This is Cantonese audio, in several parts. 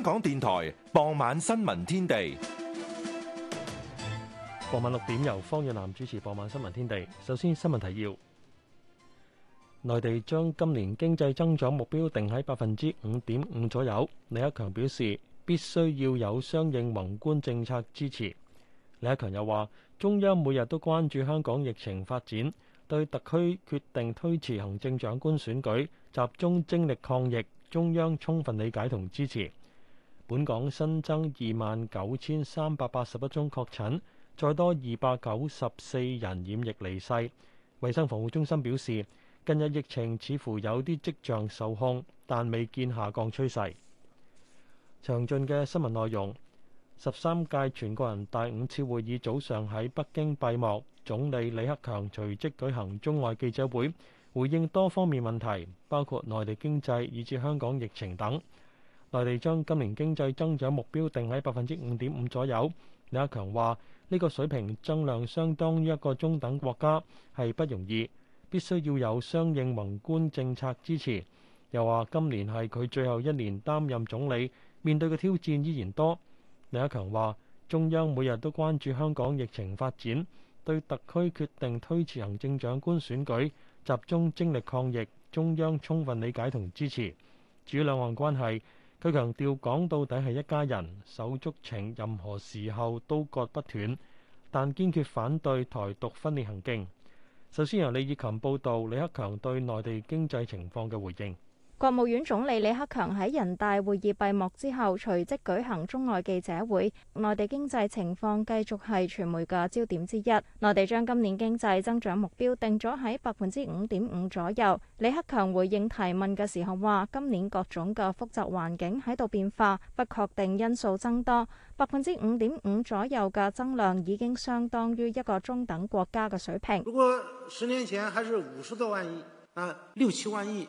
香港電台傍晚新聞天地，傍晚六點由方遠南主持。傍晚新聞天地，首先新聞提要：內地將今年經濟增長目標定喺百分之五點五左右。李克強表示，必須要有相應宏觀政策支持。李克強又話，中央每日都關注香港疫情發展，對特區決定推遲行政長官選舉，集中精力抗疫，中央充分理解同支持。本港新增二萬九千三百八十一宗確診，再多二百九十四人染疫離世。衛生防護中心表示，近日疫情似乎有啲跡象受控，但未見下降趨勢。詳盡嘅新聞內容，十三屆全國人大五次會議早上喺北京閉幕，總理李克強隨即舉行中外記者會，回應多方面問題，包括內地經濟以至香港疫情等。內地將今年經濟增長目標定喺百分之五點五左右。李克強話：呢個水平增量相當於一個中等國家，係不容易，必須要有相應宏觀政策支持。又話今年係佢最後一年擔任總理，面對嘅挑戰依然多。李克強話：中央每日都關注香港疫情發展，對特區決定推遲行政長官選舉，集中精力抗疫，中央充分理解同支持。至於兩岸關係，佢強調講到底係一家人，手足情任何時候都割不斷，但堅決反對台獨分裂行徑。首先由李以勤報道，李克強對內地經濟情況嘅回應。國務院總理李克強喺人大會議閉幕之後，隨即舉行中外記者會。內地經濟情況繼續係傳媒嘅焦點之一。內地將今年經濟增長目標定咗喺百分之五點五左右。李克強回應提問嘅時候話，今年各種嘅複雜環境喺度變化，不確定因素增多。百分之五點五左右嘅增量已經相當於一個中等國家嘅水平。如果十年前還是五十多萬億，六七萬億。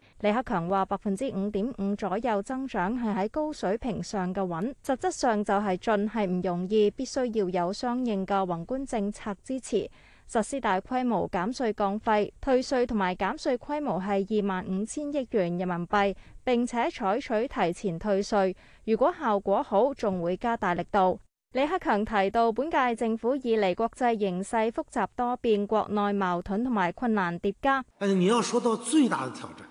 李克強話：百分之五點五左右增長係喺高水平上嘅穩，實質上就係進係唔容易，必須要有相應嘅宏觀政策支持，實施大規模減稅降費，退稅同埋減稅規模係二萬五千億元人民幣。並且採取提前退稅，如果效果好，仲會加大力度。李克強提到，本屆政府以嚟國際形勢複雜多變，國內矛盾同埋困難疊加。你要說到最大嘅挑戰。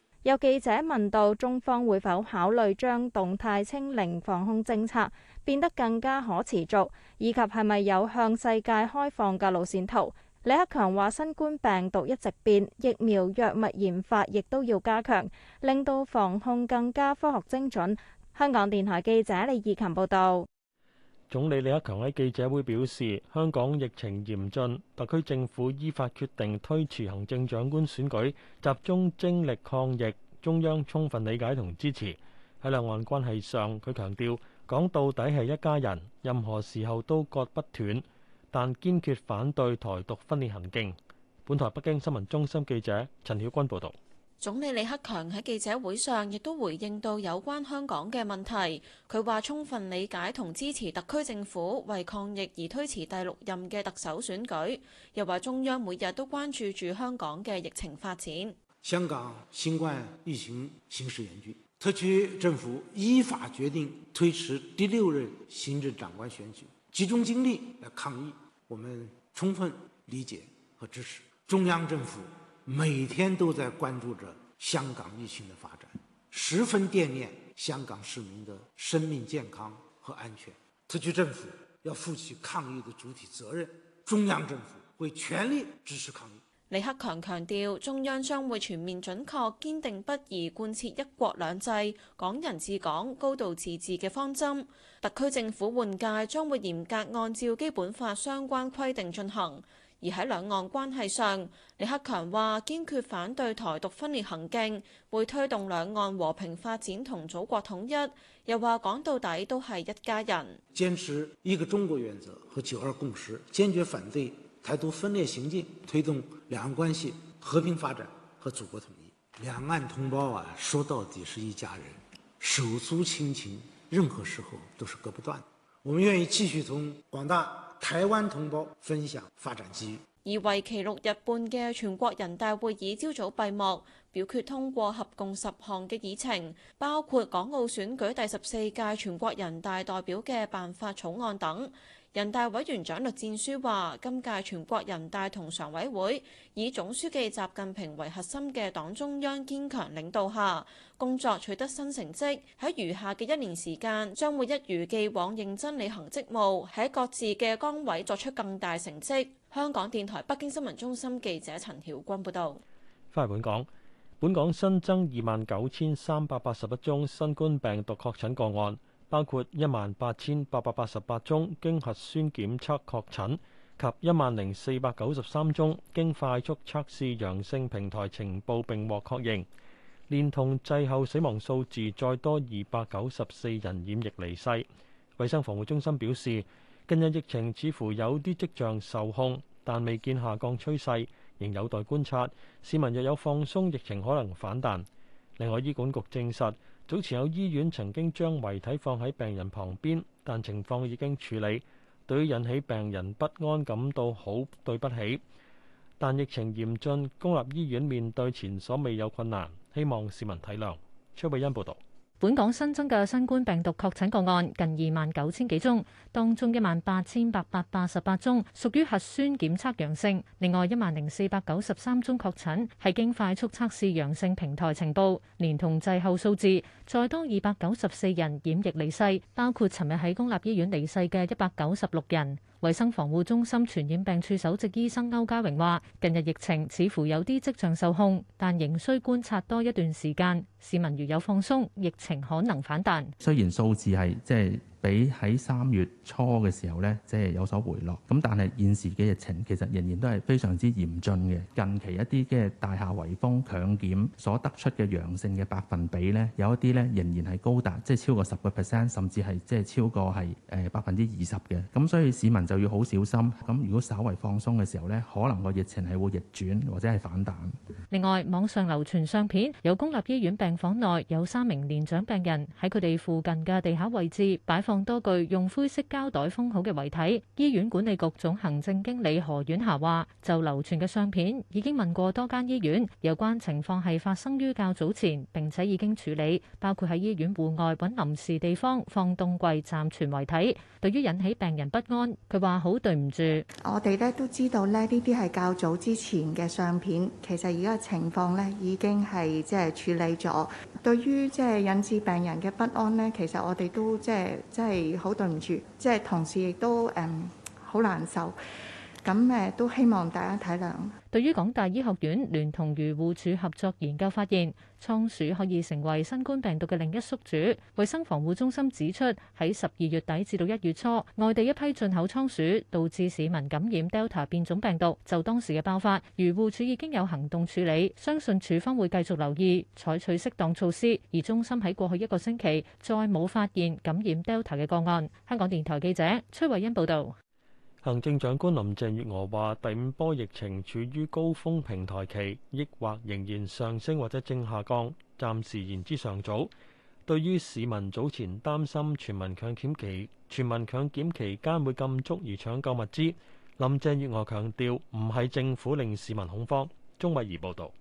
有記者問到中方會否考慮將動態清零防控政策變得更加可持續，以及係咪有向世界開放嘅路線圖？李克強話：新冠病毒一直變，疫苗藥物研發亦都要加強，令到防控更加科學精準。香港電台記者李義琴報導。總理李克強喺記者會表示，香港疫情嚴峻，特區政府依法決定推遲行政長官選舉，集中精力抗疫。中央充分理解同支持。喺兩岸關係上，佢強調講到底係一家人，任何時候都割不斷，但堅決反對台獨分裂行徑。本台北京新聞中心記者陳曉君報道。總理李克強喺記者會上亦都回應到有關香港嘅問題，佢話：充分理解同支持特區政府為抗疫而推遲第六任嘅特首選舉，又話中央每日都關注住香港嘅疫情發展。香港新冠疫情形勢嚴峻，特區政府依法決定推遲第六任行政長官選舉，集中精力來抗疫。我們充分理解和支持中央政府。每天都在關注着香港疫情的發展，十分惦念香港市民的生命健康和安全。特區政府要負起抗疫的主體責任，中央政府會全力支持抗疫。李克強強調，中央將會全面、準確、堅定不移貫徹“一國兩制”、“港人治港”、高度自治嘅方針。特區政府換屆將會嚴格按照基本法相關規定進行。而喺兩岸關係上，李克強話堅決反對台獨分裂行徑，會推動兩岸和平發展同祖國統一。又話講到底都係一家人。堅持一個中國原則和九二共識，堅決反對台獨分裂行徑，推動兩岸關係和平發展和祖國統一。兩岸同胞啊，說到底是一家人，手足親情，任何時候都是割不斷。我們願意繼續同廣大台灣同胞分享發展機遇。而為期六日半嘅全國人大會議朝早閉幕，表決通過合共十項嘅議程，包括港澳選舉第十四屆全國人大代表嘅辦法草案等。人大委員長栗戰書話，今屆全國人大同常委會以總書記習近平為核心嘅黨中央堅強領導下，工作取得新成績。喺餘下嘅一年時間，將會一如既往認真履行職務，喺各自嘅崗位作出更大成績。香港電台北京新聞中心記者陳曉君報道。翻嚟本港，本港新增二萬九千三百八十一宗新冠病毒確診個案。包括一萬八千八百八十八宗經核酸檢測確診及一萬零四百九十三宗經快速測試陽性平台情報並獲確認，連同滯後死亡數字，再多二百九十四人染疫離世。衛生防護中心表示，近日疫情似乎有啲跡象受控，但未見下降趨勢，仍有待觀察。市民若有放鬆疫情可能反彈，另外，醫管局證實。早前有醫院曾經將遺體放喺病人旁邊，但情況已經處理，對於引起病人不安感到好對不起。但疫情嚴峻，公立醫院面對前所未有困難，希望市民體諒。崔偉恩報導。本港新增嘅新冠病毒確診個案近二萬九千幾宗，當中一萬八千八百八十八宗屬於核酸檢測陽性，另外一萬零四百九十三宗確診係經快速測試陽性平台呈報，連同滯後數字，再多二百九十四人染疫離世，包括尋日喺公立醫院離世嘅一百九十六人。衛生防護中心傳染病處首席醫生歐家榮話，近日疫情似乎有啲跡象受控，但仍需觀察多一段時間。市民如有放鬆，疫情可能反彈。雖然數字係即係。就是比喺三月初嘅時候呢，即係有所回落。咁但係現時嘅疫情其實仍然都係非常之嚴峻嘅。近期一啲嘅大廈圍封強檢所得出嘅陽性嘅百分比呢，有一啲呢仍然係高達，即係超過十個 percent，甚至係即係超過係誒百分之二十嘅。咁所以市民就要好小心。咁如果稍為放鬆嘅時候呢，可能個疫情係會逆轉或者係反彈。另外，網上流傳相片有公立醫院病房內有三名年長病人喺佢哋附近嘅地下位置擺放。放多具用灰色膠袋封好嘅遺體。醫院管理局總行政經理何婉霞話，就流傳嘅相片，已經問過多間醫院，有關情況係發生於較早前，並且已經處理，包括喺醫院戶外揾臨時地方放凍櫃暫存遺體。對於引起病人不安，佢話好對唔住。我哋咧都知道咧，呢啲係較早之前嘅相片，其實而家情況咧已經係即係處理咗。對於即係引致病人嘅不安咧，其實我哋都即係。真係好對唔住，即係同事亦都誒好難受。咁誒都希望大家體諒。對於港大醫學院聯同漁護署合作研究發現，倉鼠可以成為新冠病毒嘅另一宿主。衞生防護中心指出，喺十二月底至到一月初，外地一批進口倉鼠導致市民感染 Delta 變種病毒，就當時嘅爆發，漁護署已經有行動處理，相信處方會繼續留意，採取適當措施。而中心喺過去一個星期再冇發現感染 Delta 嘅個案。香港電台記者崔慧欣報道。行政長官林鄭月娥話：第五波疫情處於高峰平台期，抑或仍然上升或者正下降，暫時言之尚早。對於市民早前擔心全民強檢期全民強檢期間會禁足而搶救物資，林鄭月娥強調唔係政府令市民恐慌。鍾慧儀報導。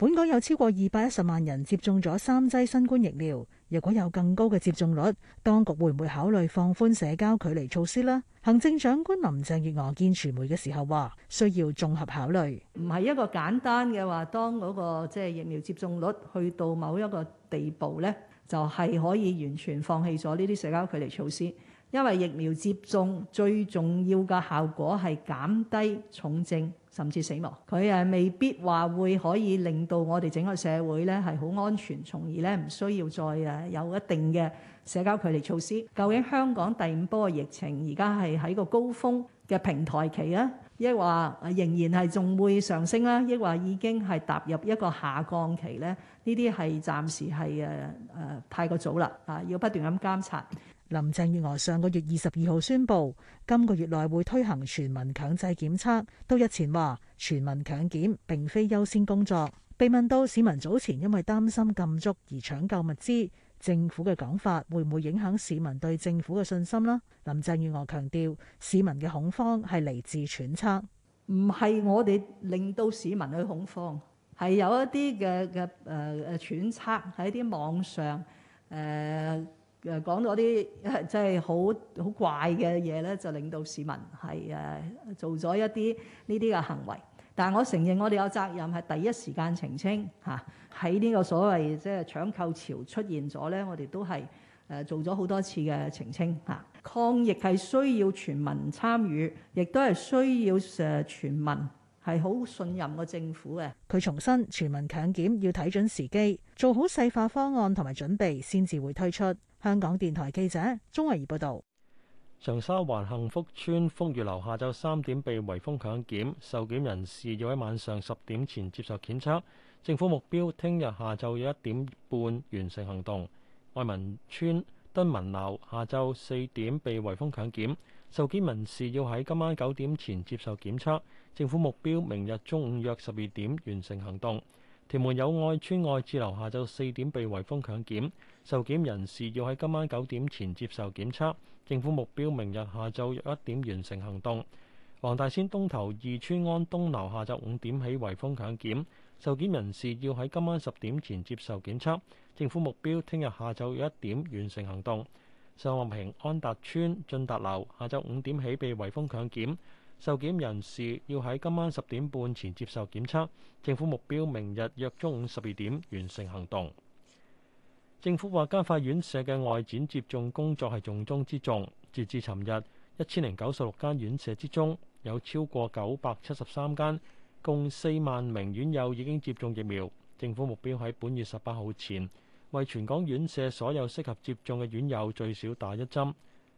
本港有超過二百一十萬人接種咗三劑新冠疫苗。如果有更高嘅接種率，當局會唔會考慮放寬社交距離措施呢？行政長官林鄭月娥見傳媒嘅時候話：需要綜合考慮，唔係一個簡單嘅話。當嗰個即係疫苗接種率去到某一個地步呢，就係可以完全放棄咗呢啲社交距離措施。因為疫苗接種最重要嘅效果係減低重症。甚至死亡，佢誒未必話會可以令到我哋整個社會咧係好安全，從而咧唔需要再誒有一定嘅社交距離措施。究竟香港第五波嘅疫情而家係喺個高峰嘅平台期啊，抑或仍然係仲會上升啦，抑或已經係踏入一個下降期咧？呢啲係暫時係誒誒太過早啦，啊要不斷咁監察。林鄭月娥上個月二十二號宣布，今個月內會推行全民強制檢測。都日前話，全民強檢並非優先工作。被問到市民早前因為擔心禁足而搶救物資，政府嘅講法會唔會影響市民對政府嘅信心呢？林鄭月娥強調，市民嘅恐慌係嚟自揣測，唔係我哋令到市民去恐慌，係有一啲嘅嘅誒誒揣測喺啲網上誒。呃誒講咗啲即係好好怪嘅嘢呢，就令到市民係誒做咗一啲呢啲嘅行為。但係我承認，我哋有責任係第一時間澄清嚇。喺呢個所謂即係搶購潮出現咗呢，我哋都係誒做咗好多次嘅澄清嚇。抗疫係需要全民參與，亦都係需要全民係好信任個政府嘅。佢重申，全民強檢要睇準時機，做好細化方案同埋準備先至會推出。香港電台記者鍾慧儀報道：長沙灣幸福村風雨樓下晝三點被圍封強檢，受檢人士要喺晚上十點前接受檢測。政府目標聽日下晝約一點半完成行動。愛民村敦民樓下晝四點被圍封強檢，受檢人士要喺今晚九點前接受檢測。政府目標明日中午約十二點完成行動。屯門友愛村愛智樓下晝四點被圍封強檢。受檢人士要喺今晚九點前接受檢測，政府目標明日下晝約一點完成行動。黃大仙東頭二邨安東樓下晝五點起圍封強檢，受檢人士要喺今晚十點前接受檢測，政府目標聽日下晝約一點完成行動。上環平安達邨進達樓下晝五點起被圍封強檢，受檢人士要喺今晚十點半前接受檢測，政府目標明日約中午十二點完成行動。政府話，加快院舍嘅外展接種工作係重中之重。截至尋日，一千零九十六間院舍之中，有超過九百七十三間，共四萬名院友已經接種疫苗。政府目標喺本月十八號前，為全港院舍所有適合接種嘅院友最少打一針。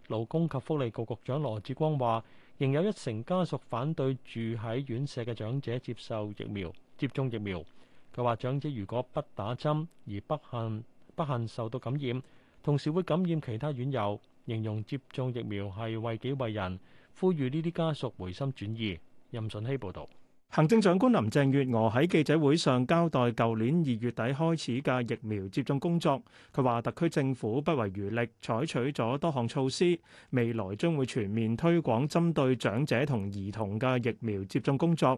勞工及福利局局長羅致光話，仍有一成家屬反對住喺院舍嘅長者接受疫苗接種疫苗。佢話，長者如果不打針而不幸。不幸受到感染，同時會感染其他院友。形容接種疫苗係為己為人，呼籲呢啲家屬回心轉意。任順熙報導。行政長官林鄭月娥喺記者會上交代，舊年二月底開始嘅疫苗接種工作，佢話特區政府不遺餘力，採取咗多項措施，未來將會全面推廣針對長者同兒童嘅疫苗接種工作。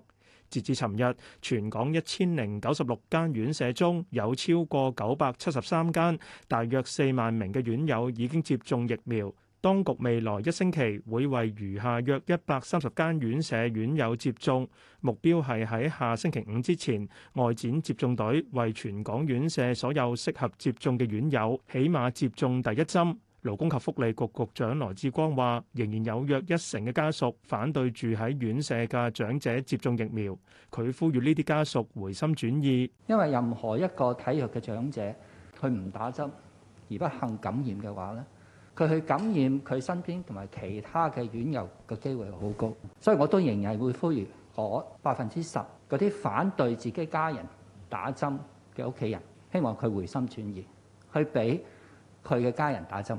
截至尋日，全港一千零九十六間院舍中有超過九百七十三間，大約四萬名嘅院友已經接種疫苗。當局未來一星期會為餘下約一百三十間院舍院友接種，目標係喺下星期五之前外展接種隊為全港院舍所有適合接種嘅院友，起碼接種第一針。勞工及福利局局長羅致光話，仍然有約一成嘅家屬反對住喺院舍嘅長者接種疫苗，佢呼籲呢啲家屬回心轉意。因為任何一個體弱嘅長者，佢唔打針而不幸感染嘅話咧，佢去感染佢身邊同埋其他嘅院友嘅機會好高，所以我都仍然會呼籲我百分之十嗰啲反對自己家人打針嘅屋企人，希望佢回心轉意，去俾佢嘅家人打針。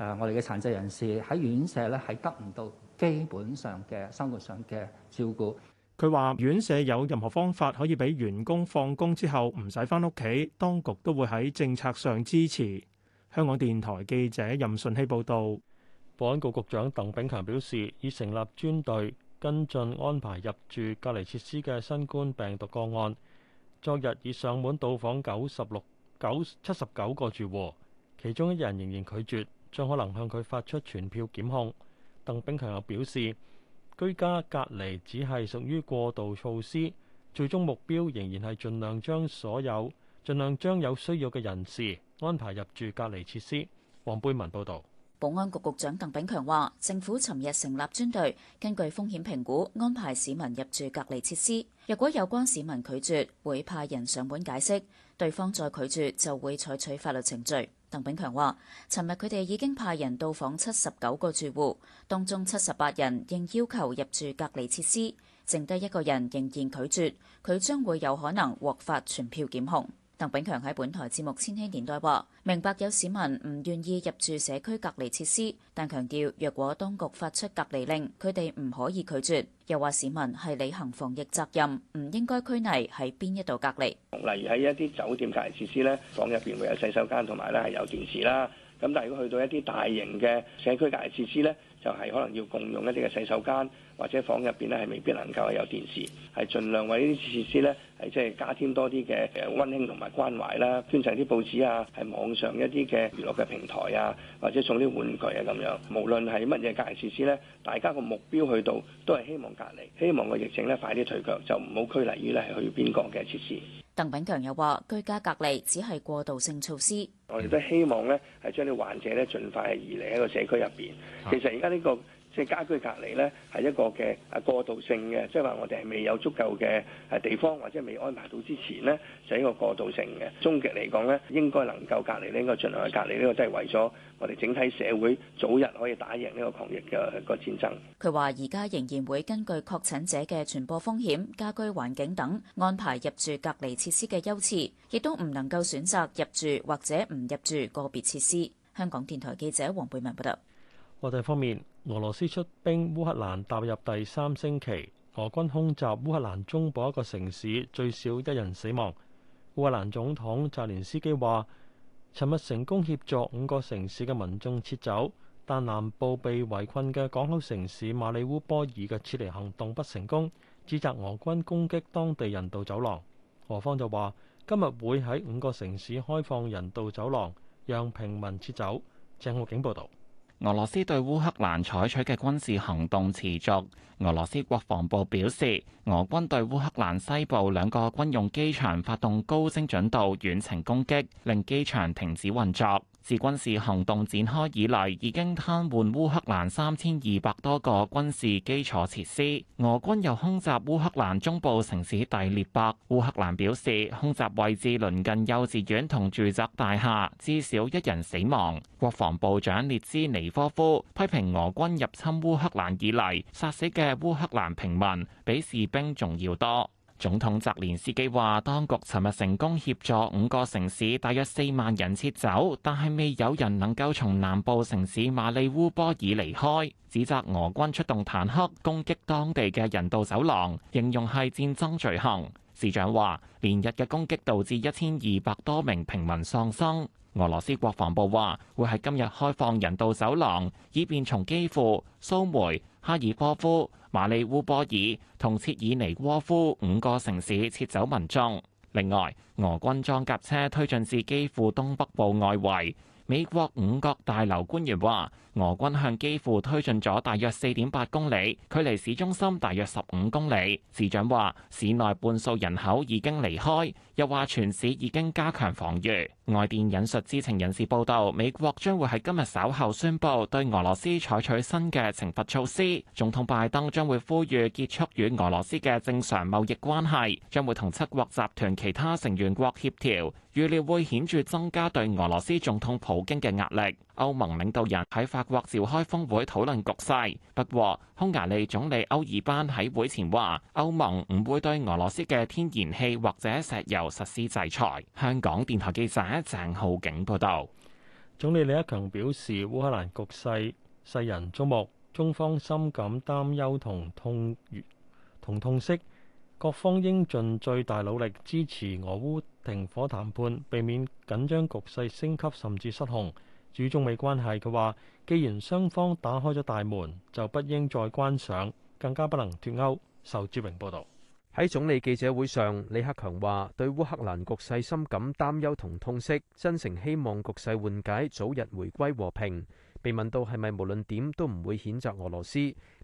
誒，我哋嘅殘疾人士喺院舍咧，係得唔到基本上嘅生活上嘅照顧。佢話：院舍有任何方法可以俾員工放工之後唔使返屋企，當局都會喺政策上支持。香港電台記者任順希報導，保安局局長鄧炳強表示，已成立專隊跟進安排入住隔離設施嘅新冠病毒個案。昨日已上門到訪九十六九七十九個住戶，其中一人仍然拒絕。將可能向佢發出傳票檢控。鄧炳強又表示，居家隔離只係屬於過渡措施，最終目標仍然係盡量將所有，盡量將有需要嘅人士安排入住隔離設施。黃貝文報導，保安局局長鄧炳強話，政府尋日成立專隊，根據風險評估安排市民入住隔離設施。若果有關市民拒絕，會派人上門解釋；對方再拒絕，就會採取法律程序。鄧炳強話，尋日佢哋已經派人到訪七十九個住戶，當中七十八人應要求入住隔離設施，剩低一個人仍然拒絕，佢將會有可能獲發傳票檢控。鄧炳強喺本台節目《千禧年代》話：明白有市民唔願意入住社區隔離設施，但強調若果當局發出隔離令，佢哋唔可以拒絕。又話市民係履行防疫責任，唔應該拘泥喺邊一度隔離。例如喺一啲酒店隔離設施咧，房入邊會有洗手間同埋咧，係有電視啦。咁但係如果去到一啲大型嘅社區隔離設施呢，就係可能要共用一啲嘅洗手間或者房入邊呢，係未必能夠有電視，係盡量為呢啲設施呢，係即係加添多啲嘅溫馨同埋關懷啦，捐贈啲報紙啊，喺網上一啲嘅娛樂嘅平台啊，或者送啲玩具啊咁樣。無論係乜嘢隔離設施呢，大家個目標去到都係希望隔離，希望個疫情呢快啲退卻，就唔好拘泥於呢係去邊個嘅設施。鄧炳強又話：居家隔離只係過渡性措施，我哋都希望咧，係將啲患者咧盡快移嚟一個社區入邊。其實而家呢個即係家居隔離呢，係一個嘅啊過渡性嘅，即係話我哋係未有足夠嘅係地方或者未安排到之前呢，就係一個過渡性嘅。終極嚟講呢，應該能夠隔離呢，應該儘量去隔離呢個，即係為咗我哋整體社會早日可以打贏呢個抗疫嘅個戰爭。佢話：而家仍然會根據確診者嘅傳播風險、家居環境等安排入住隔離設施嘅優次，亦都唔能夠選擇入住或者唔入住個別設施。香港電台記者黃貝文報道。我哋方面。俄羅斯出兵烏克蘭踏入第三星期，俄軍空襲烏克蘭中部一個城市，最少一人死亡。烏克蘭總統澤連斯基話，尋日成功協助五個城市嘅民眾撤走，但南部被圍困嘅港口城市馬里烏波爾嘅撤離行動不成功，指責俄軍攻擊當地人道走廊。俄方就話，今日會喺五個城市開放人道走廊，讓平民撤走。鄭浩景報導。俄羅斯對烏克蘭採取嘅軍事行動持續。俄羅斯國防部表示，俄軍對烏克蘭西部兩個軍用機場發動高精準度遠程攻擊，令機場停止運作。自軍事行動展開以嚟，已經癱瘓烏克蘭三千二百多個軍事基礎設施。俄軍又空襲烏克蘭中部城市第列伯。烏克蘭表示，空襲位置鄰近幼稚園同住宅大廈，至少一人死亡。國防部長列茲尼科夫批評俄軍入侵烏克蘭以嚟，殺死嘅烏克蘭平民比士兵仲要多。總統澤連斯基話，當局尋日成功協助五個城市大約四萬人撤走，但係未有人能夠從南部城市馬里烏波爾離開。指責俄軍出動坦克攻擊當地嘅人道走廊，形容係戰爭罪行。市長話，連日嘅攻擊導致一千二百多名平民喪生。俄羅斯國防部話會喺今日開放人道走廊，以便從基庫、蘇梅、哈爾科夫、馬里烏波爾同切爾尼戈夫五個城市撤走民眾。另外，俄軍裝甲車推進至基庫東北部外圍。美國五角大樓官員話。俄軍向基輔推進咗大約四點八公里，距離市中心大約十五公里。市長話市內半數人口已經離開，又話全市已經加強防禦。外電引述知情人士報道，美國將會喺今日稍後宣布對俄羅斯採取新嘅懲罰措施。總統拜登將會呼籲結束與俄羅斯嘅正常貿易關係，將會同七國集團其他成員國協調，預料會顯著增加對俄羅斯總統普京嘅壓力。歐盟領導人喺法國召開峰會討論局勢。不過，匈牙利總理歐爾班喺會前話，歐盟唔會對俄羅斯嘅天然氣或者石油實施制裁。香港電台記者鄭浩景報道。總理李克強表示，烏克蘭局勢世人矚目，中方深感擔憂同痛同痛惜，各方應盡最大努力支持俄烏停火談判，避免緊張局勢升級甚至失控。主中美關係，佢話：既然雙方打開咗大門，就不應再關上，更加不能脫鈎。仇志榮報導。喺總理記者會上，李克強話：對烏克蘭局勢深感擔憂同痛惜，真誠希望局勢緩解，早日回歸和平。被問到係咪無論點都唔會譴責俄羅斯？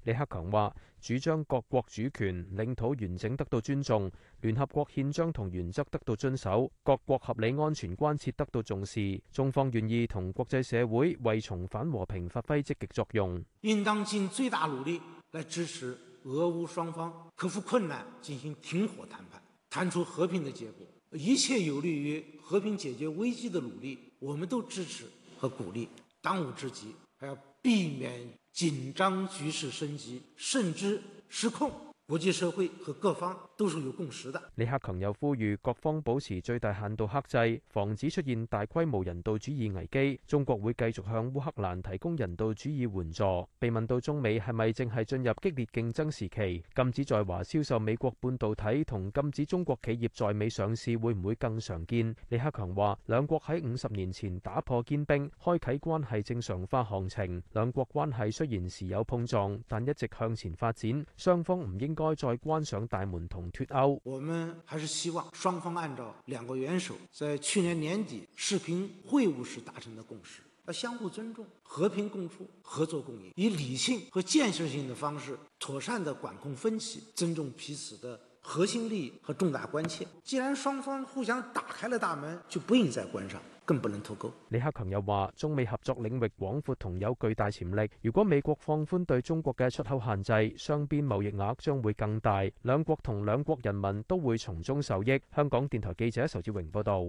李克強話：主張各國主權、領土完整得到尊重，聯合國憲章同原則得到遵守，各國合理安全關切得到重視。中方願意同國際社會為重返和平發揮積極作用。應當盡最大努力來支持俄烏雙方克服困難進行停火談判，談出和平的結果。一切有利於和平解決危機的努力，我們都支持和鼓勵。當務之急，還要避免。緊張局勢升級，甚至失控。國際社會和各方都是有共識的。李克強又呼籲各方保持最大限度克制，防止出現大規模人道主義危機。中國會繼續向烏克蘭提供人道主義援助。被問到中美係咪正係進入激烈競爭時期，禁止在華銷售美國半導體同禁止中國企業在美上市會唔會更常見？李克強話：兩國喺五十年前打破堅冰，開啟關係正常化行程。兩國關係雖然時有碰撞，但一直向前發展。雙方唔應該再關上大門，同脫歐。我們還是希望雙方按照兩國元首在去年年底視頻會晤時達成的共識，要相互尊重、和平共處、合作共贏，以理性和建設性的方式妥善地管控分歧，尊重彼此的核心利益和重大關切。既然雙方互相打開了大門，就不應再關上。更不能突破。李克強又話，中美合作領域廣闊同有巨大潛力。如果美國放寬對中國嘅出口限制，雙邊貿易額將會更大，兩國同兩國人民都會從中受益。香港電台記者仇志榮報道。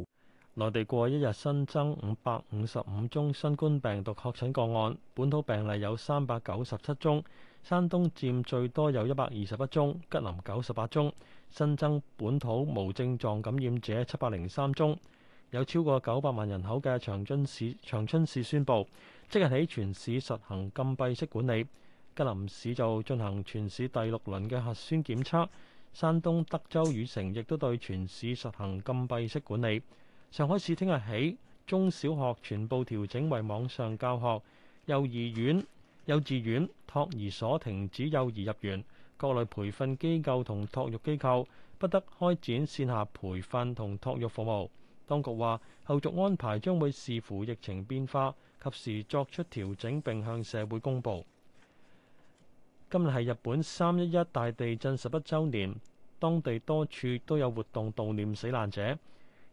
內地過一日新增五百五十五宗新冠病毒確診個案，本土病例有三百九十七宗，山東佔最多有一百二十一宗，吉林九十八宗，新增本土無症狀感染者七百零三宗。有超過九百萬人口嘅長春市，長春市宣布即日起全市實行禁閉式管理。吉林市就進行全市第六輪嘅核酸檢測。山東德州禹城亦都對全市實行禁閉式管理。上海市聽日起中小學全部調整為網上教學，幼兒園、幼稚園、托兒所停止幼兒入園，各類培訓機構同托育機構不得開展線下培訓同托育服務。當局話，後續安排將會視乎疫情變化，及時作出調整並向社會公佈。今日係日本三一一大地震十一週年，當地多處都有活動悼念死難者。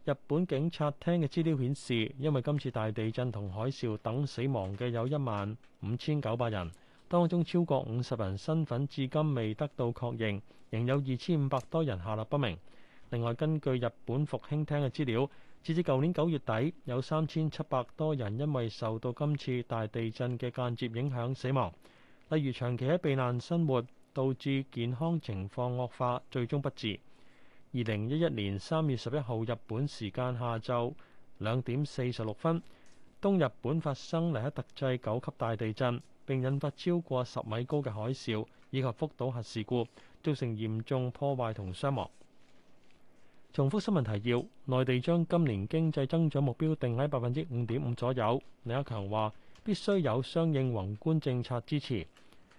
日本警察廳嘅資料顯示，因為今次大地震同海嘯等死亡嘅有一萬五千九百人，當中超過五十人身份至今未得到確認，仍有二千五百多人下落不明。另外，根據日本復興廳嘅資料，截至舊年九月底，有三千七百多人因為受到今次大地震嘅間接影響死亡。例如長期喺避難生活，導致健康情況惡化，最終不治。二零一一年三月十一號日本時間下晝兩點四十六分，東日本發生黎克特制九級大地震，並引發超過十米高嘅海嘯，以及福島核事故，造成嚴重破壞同傷亡。重複新聞提要：內地將今年經濟增長目標定喺百分之五點五左右。李克強話必須有相應宏觀政策支持。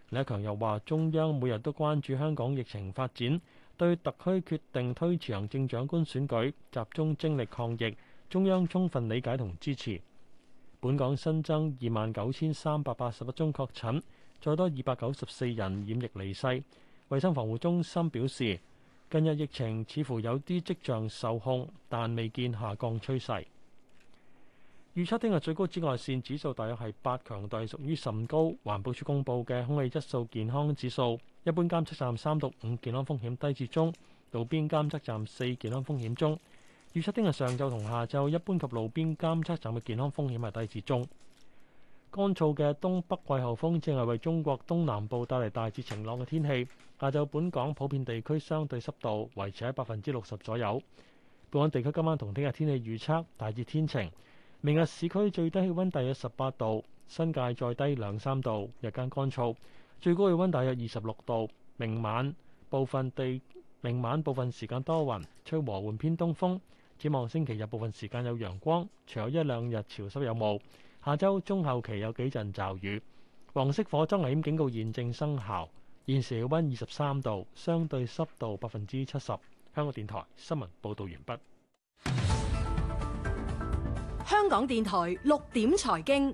李克強又話中央每日都關注香港疫情發展，對特區決定推遲行政長官選舉，集中精力抗疫，中央充分理解同支持。本港新增二萬九千三百八十一宗確診，再多二百九十四人染疫離世。衞生防護中心表示。近日疫情似乎有啲跡象受控，但未見下降趨勢。預測聽日最高紫外線指數大約係八強度，屬於甚高。環保署公布嘅空氣質素健康指數，一般監測站三到五健康風險低至中，路邊監測站四健康風險中。預測聽日上晝同下晝一般及路邊監測站嘅健康風險係低至中。乾燥嘅東北季候風正係為中國東南部帶嚟大致晴朗嘅天氣。下晝，本港普遍地區相對濕度維持喺百分之六十左右。本港地區今晚同聽日天氣預測大致天晴。明日市區最低氣温大約十八度，新界再低兩三度，日間乾燥，最高氣温大約二十六度。明晚部分地明晚部分時間多雲，吹和緩偏東風。展望星期日部分時間有陽光，除咗一兩日潮濕有霧。下週中後期有幾陣驟雨。黃色火災危險警告現正生效。現時氣溫二十三度，相對濕度百分之七十。香港電台新聞報道完畢。香港電台六點財經，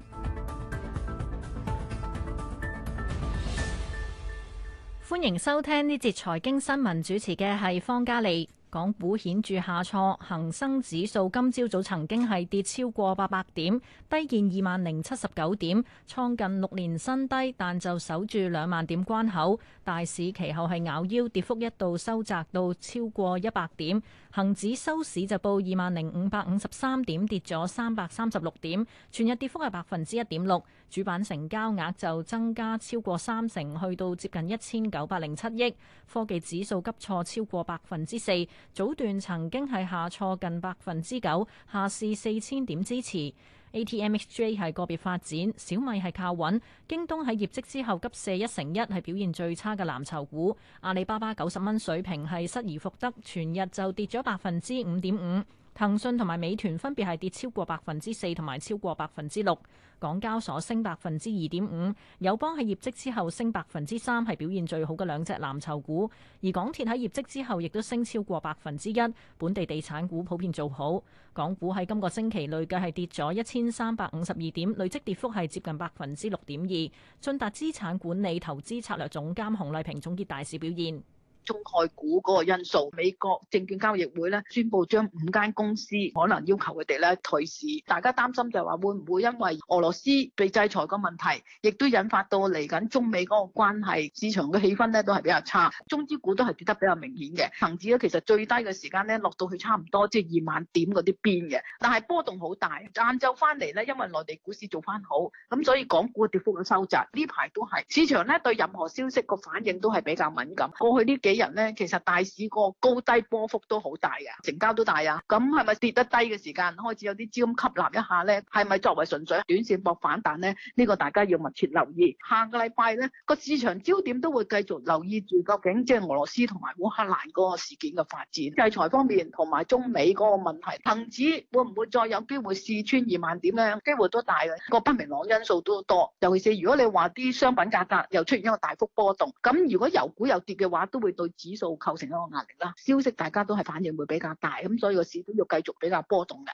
歡迎收聽呢節財經新聞，主持嘅係方嘉利。港股顯著下挫，恒生指數今朝早曾經係跌超過八百點，低見二萬零七十九點，創近六年新低。但就守住兩萬點關口，大市其後係咬腰，跌幅一度收窄到超過一百點。恒指收市就報二萬零五百五十三點，跌咗三百三十六點，全日跌幅係百分之一點六。主板成交額就增加超過三成，去到接近一千九百零七億。科技指數急挫超過百分之四，早段曾經係下挫近百分之九，下試四千點支持。ATMXJ 係個別發展，小米係靠穩，京東喺業績之後急瀉一成一，係表現最差嘅藍籌股。阿里巴巴九十蚊水平係失而復得，全日就跌咗百分之五點五。騰訊同埋美團分別係跌超過百分之四同埋超過百分之六，港交所升百分之二點五，友邦喺業績之後升百分之三係表現最好嘅兩隻藍籌股，而港鐵喺業績之後亦都升超過百分之一，本地地產股普遍做好，港股喺今個星期累計係跌咗一千三百五十二點，累積跌幅係接近百分之六點二。駿達資產管理投資策略總監洪麗萍總結大市表現。中概股嗰個因素，美國證券交易會咧宣布將五間公司可能要求佢哋咧退市，大家擔心就係話會唔會因為俄羅斯被制裁個問題，亦都引發到嚟緊中美嗰個關係，市場嘅氣氛咧都係比較差，中資股都係跌得比較明顯嘅，恒指咧其實最低嘅時間咧落到去差唔多即係、就是、二萬點嗰啲邊嘅，但係波動好大。晏晝翻嚟咧，因為內地股市做翻好，咁所以港股嘅跌幅嘅收窄，呢排都係市場咧對任何消息個反應都係比較敏感。過去呢幾。幾日咧，其實大市個高低波幅都好大嘅，成交都大啊。咁係咪跌得低嘅時間開始有啲資金吸納一下咧？係咪作為純粹短線博反彈咧？呢個大家要密切留意。下個禮拜咧個市場焦點都會繼續留意住，究竟即係俄羅斯同埋烏克蘭嗰個事件嘅發展、制裁方面同埋中美嗰個問題，恆指會唔會再有機會試穿二萬點咧？機會都大嘅，個不明朗因素都多。尤其是如果你話啲商品價格又出現一個大幅波動，咁如果油股又跌嘅話，都會。對指數構成一個壓力啦，消息大家都係反應會比較大，咁所以個市都要繼續比較波動嘅。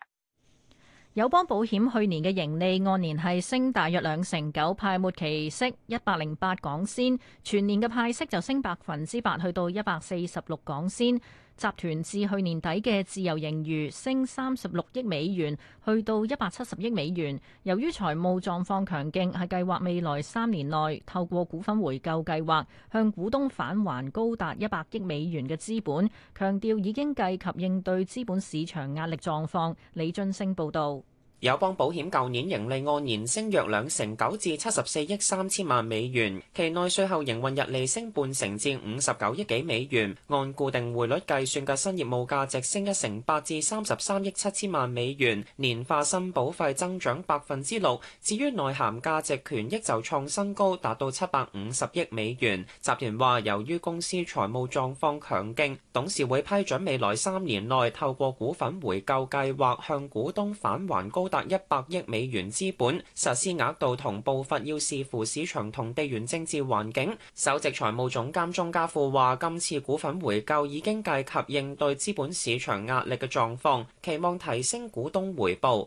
友邦保險去年嘅盈利按年係升大約兩成九，派末期息一百零八港仙，全年嘅派息就升百分之八，去到一百四十六港仙。集團至去年底嘅自由盈餘升三十六億美元，去到一百七十億美元。由於財務狀況強勁，係計劃未來三年內透過股份回購計劃向股東返還高達一百億美元嘅資本，強調已經計及應對資本市場壓力狀況。李俊升報導。友邦保險舊年盈利按年升約兩成九至七十四億三千萬美元。期內稅後營運日利升半成至五十九億幾美元。按固定匯率計算嘅新業務價值升一成八至三十三億七千萬美元。年化新保費增長百分之六。至於內含價值權益就創新高，達到七百五十億美元。集團話，由於公司財務狀況強勁，董事會批准未來三年內透過股份回購計劃向股東返還高達一百億美元資本實施額度同步伐要視乎市場同地緣政治環境。首席財務總監鐘家富話：今次股份回購已經計及應對資本市場壓力嘅狀況，期望提升股東回報。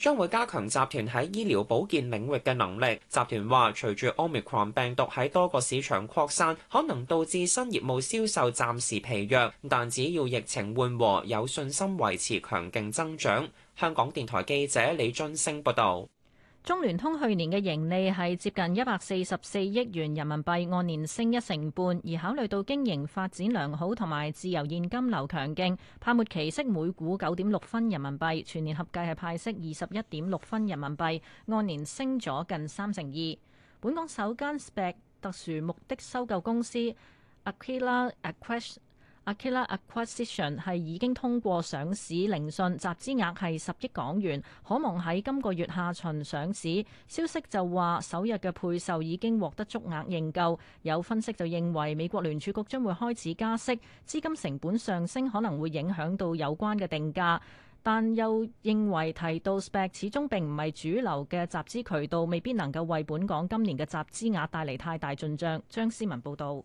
將會加強集團喺醫療保健領域嘅能力。集團話，隨住 Omicron 病毒喺多個市場擴散，可能導致新業務銷售暫時疲弱，但只要疫情緩和，有信心維持強勁增長。香港電台記者李俊升報導。中聯通去年嘅盈利係接近一百四十四億元人民幣，按年升一成半。而考慮到經營發展良好同埋自由現金流強勁，派末期息每股九點六分人民幣，全年合計係派息二十一點六分人民幣，按年升咗近三成二。本港首間 SPAC 特殊目的收購公司 Aquila Acquisition Aquila Acquisition 係已經通過上市聆訊，集資額係十億港元，可望喺今個月下旬上市。消息就話首日嘅配售已經獲得足額認購，有分析就認為美國聯儲局將會開始加息，資金成本上升可能會影響到有關嘅定價，但又認為提到 Spec 始終並唔係主流嘅集資渠道，未必能夠為本港今年嘅集資額帶嚟太大進賬。張思文報道。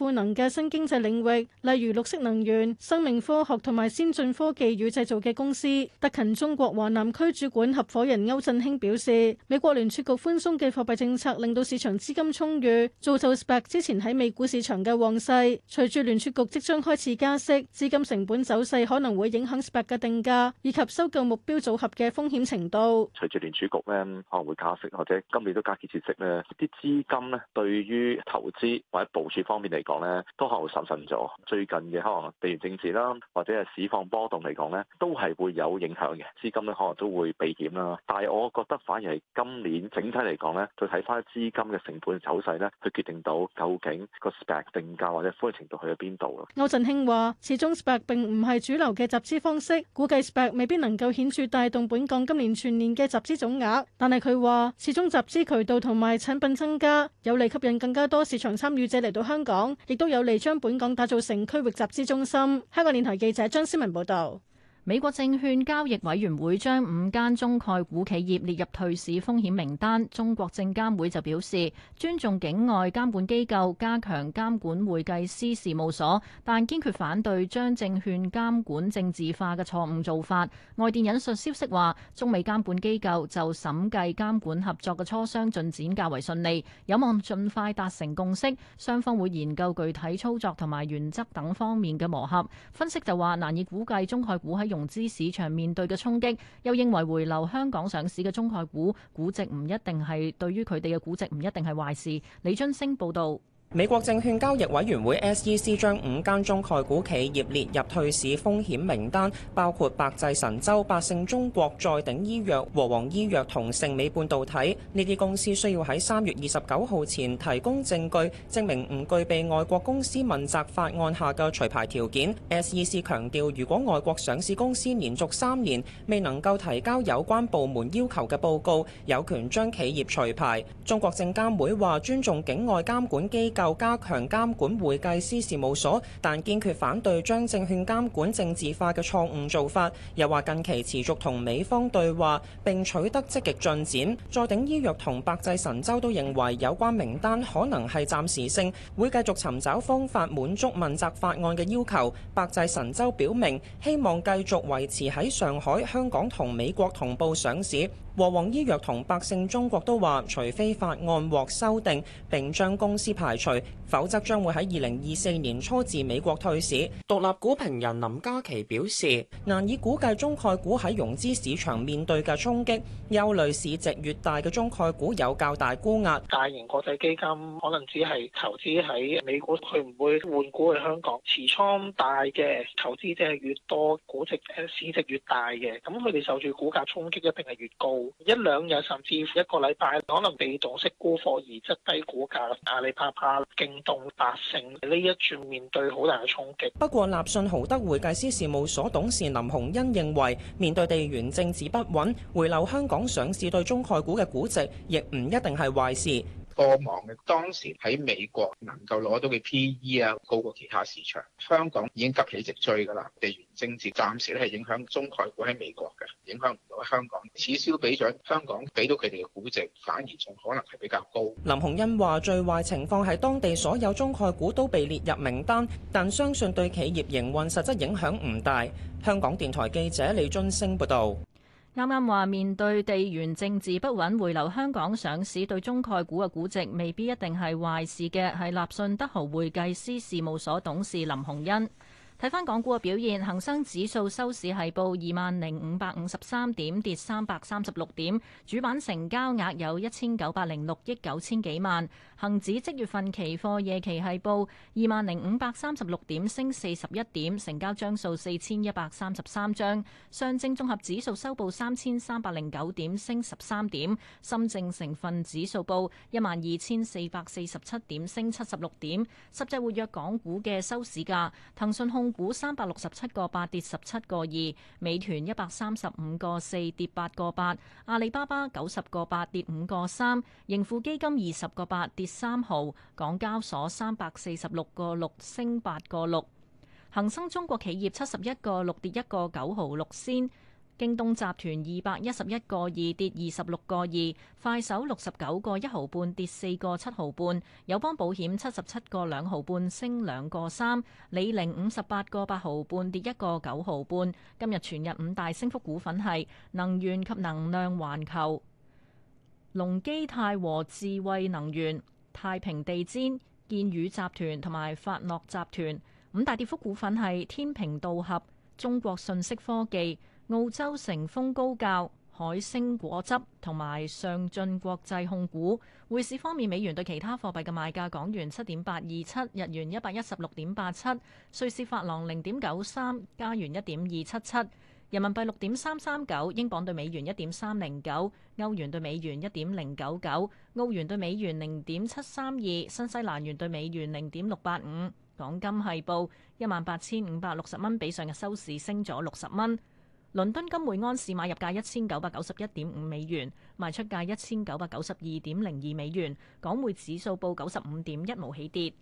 賦能嘅新經濟領域，例如綠色能源、生命科學同埋先進科技與製造嘅公司。德勤中國華南區主管合夥人歐振興表示，美國聯儲局寬鬆嘅貨幣政策令到市場資金充裕，造就 SPAC 之前喺美股市場嘅旺勢。隨住聯儲局即將開始加息，資金成本走勢可能會影響 SPAC 嘅定價以及收購目標組合嘅風險程度。隨住聯儲局咧可能會加息，或者今年都加幾次息，呢啲資金咧對於投資或者部署方面嚟講。講咧都可能審慎咗。最近嘅可能地緣政治啦，或者係市況波動嚟講咧，都係會有影響嘅。資金咧可能都會避險啦。但係我覺得反而係今年整體嚟講咧，要睇翻資金嘅成本走勢咧，去決定到究竟個 spec 定價或者寬裕程度去到邊度咯。歐振興話：始終 spec 並唔係主流嘅集資方式，估計 spec 未必能夠顯著帶動本港今年全年嘅集資總額。但係佢話始終集資渠道同埋產品增加，有利吸引更加多市場參與者嚟到香港。亦都有利將本港打造成區域集資中心。香港電台記者張思文報道。美國證券交易委員會將五間中概股企業列入退市風險名單，中國證監會就表示尊重境外監管機構加強監管會計師事務所，但堅決反對將證券監管政治化嘅錯誤做法。外電引述消息話，中美監管機構就審計監管合作嘅磋商進展較為順利，有望盡快達成共識，雙方會研究具體操作同埋原則等方面嘅磨合。分析就話難以估計中概股喺融資市場面對嘅衝擊，又認為回流香港上市嘅中概股估值唔一定係對於佢哋嘅估值唔一定係壞事。李津升報道。美國證券交易委員會 SEC 將五間中概股企業列入退市風險名單，包括百濟神州、百勝中國、再鼎醫藥、和黃醫藥同盛美半導體。呢啲公司需要喺三月二十九號前提供證據，證明唔具備外國公司問責法案下嘅除牌條件。SEC 強調，如果外國上市公司連續三年未能夠提交有關部門要求嘅報告，有權將企業除牌。中國證監會話尊重境外監管機構，又加強監管會計師事務所，但堅決反對將證券監管政治化嘅錯誤做法。又話近期持續同美方對話，並取得積極進展。再鼎醫藥同百濟神州都認為有關名單可能係暫時性，會繼續尋找方法滿足問責法案嘅要求。百濟神州表明希望繼續維持喺上海、香港同美國同步上市。和王醫藥同百勝中國都話，除非法案獲修訂並將公司排除，否則將會喺二零二四年初自美國退市。獨立股評人林嘉琪表示，難以估計中概股喺融資市場面對嘅衝擊。憂慮市值越大嘅中概股有較大沽壓。大型國際基金可能只係投資喺美股，佢唔會換股去香港。持倉大嘅投資者越多，股值市值越大嘅，咁佢哋受住股價衝擊一定係越高。一兩日甚至一個禮拜，可能被動式沽貨而擠低股價。阿里巴巴、京東、百盛呢一轉面對好大嘅衝擊。不過，立信豪德會計師事務所董事林洪恩認為，面對地緣政治不穩，回流香港上市對中概股嘅估值亦唔一定係壞事。過望嘅當時喺美國能夠攞到嘅 PE 啊，高過其他市場。香港已經急起直追㗎啦。地緣政治暫時咧係影響中概股喺美國嘅，影響唔到香港。此消彼長，香港俾到佢哋嘅估值反而仲可能係比較高。林鴻恩話：最壞情況係當地所有中概股都被列入名單，但相信對企業營運實質影響唔大。香港電台記者李津升報道。啱啱話面對地緣政治不穩回流香港上市，對中概股嘅估值未必一定係壞事嘅，係立信德豪會計師事務所董事林洪恩。睇翻港股嘅表現，恒生指數收市係報二萬零五百五十三點，跌三百三十六點，主板成交額有一千九百零六億九千幾萬。恒指即月份期貨夜期係報二萬零五百三十六點，升四十一點，成交張數四千一百三十三張。上證綜合指數收報三千三百零九點，升十三點。深證成分指數報一萬二千四百四十七點，升七十六點。十隻活躍港股嘅收市價：騰訊控股三百六十七個八跌十七個二，美團一百三十五個四跌八個八，阿里巴巴九十個八跌五個三，盈富基金二十個八跌。三號，港交所三百四十六個六升八個六，恒生中國企業七十一個六跌一個九毫六仙，京東集團二百一十一個二跌二十六個二，快手六十九個一毫半跌四個七毫半，友邦保險七十七個兩毫半升兩個三，李寧五十八個八毫半跌一個九毫半。今日全日五大升幅股份係能源及能量環球、隆基泰和、智慧能源、太平地氈、建宇集團同埋法諾集團。五大跌幅股份係天平道合、中國信息科技、澳洲成峰高教、海星果汁同埋上進國際控股。匯市方面，美元對其他貨幣嘅賣價：港元七點八二七，日元一百一十六點八七，瑞士法郎零點九三，加元一點二七七。人民幣六點三三九，英鎊對美元一點三零九，歐元對美元一點零九九，澳元對美元零點七三二，新西蘭元對美元零點六八五。港金係報一萬八千五百六十蚊，比上日收市升咗六十蚊。倫敦金每安士買入價一千九百九十一點五美元，賣出價一千九百九十二點零二美元。港匯指數報九十五點一，冇起跌。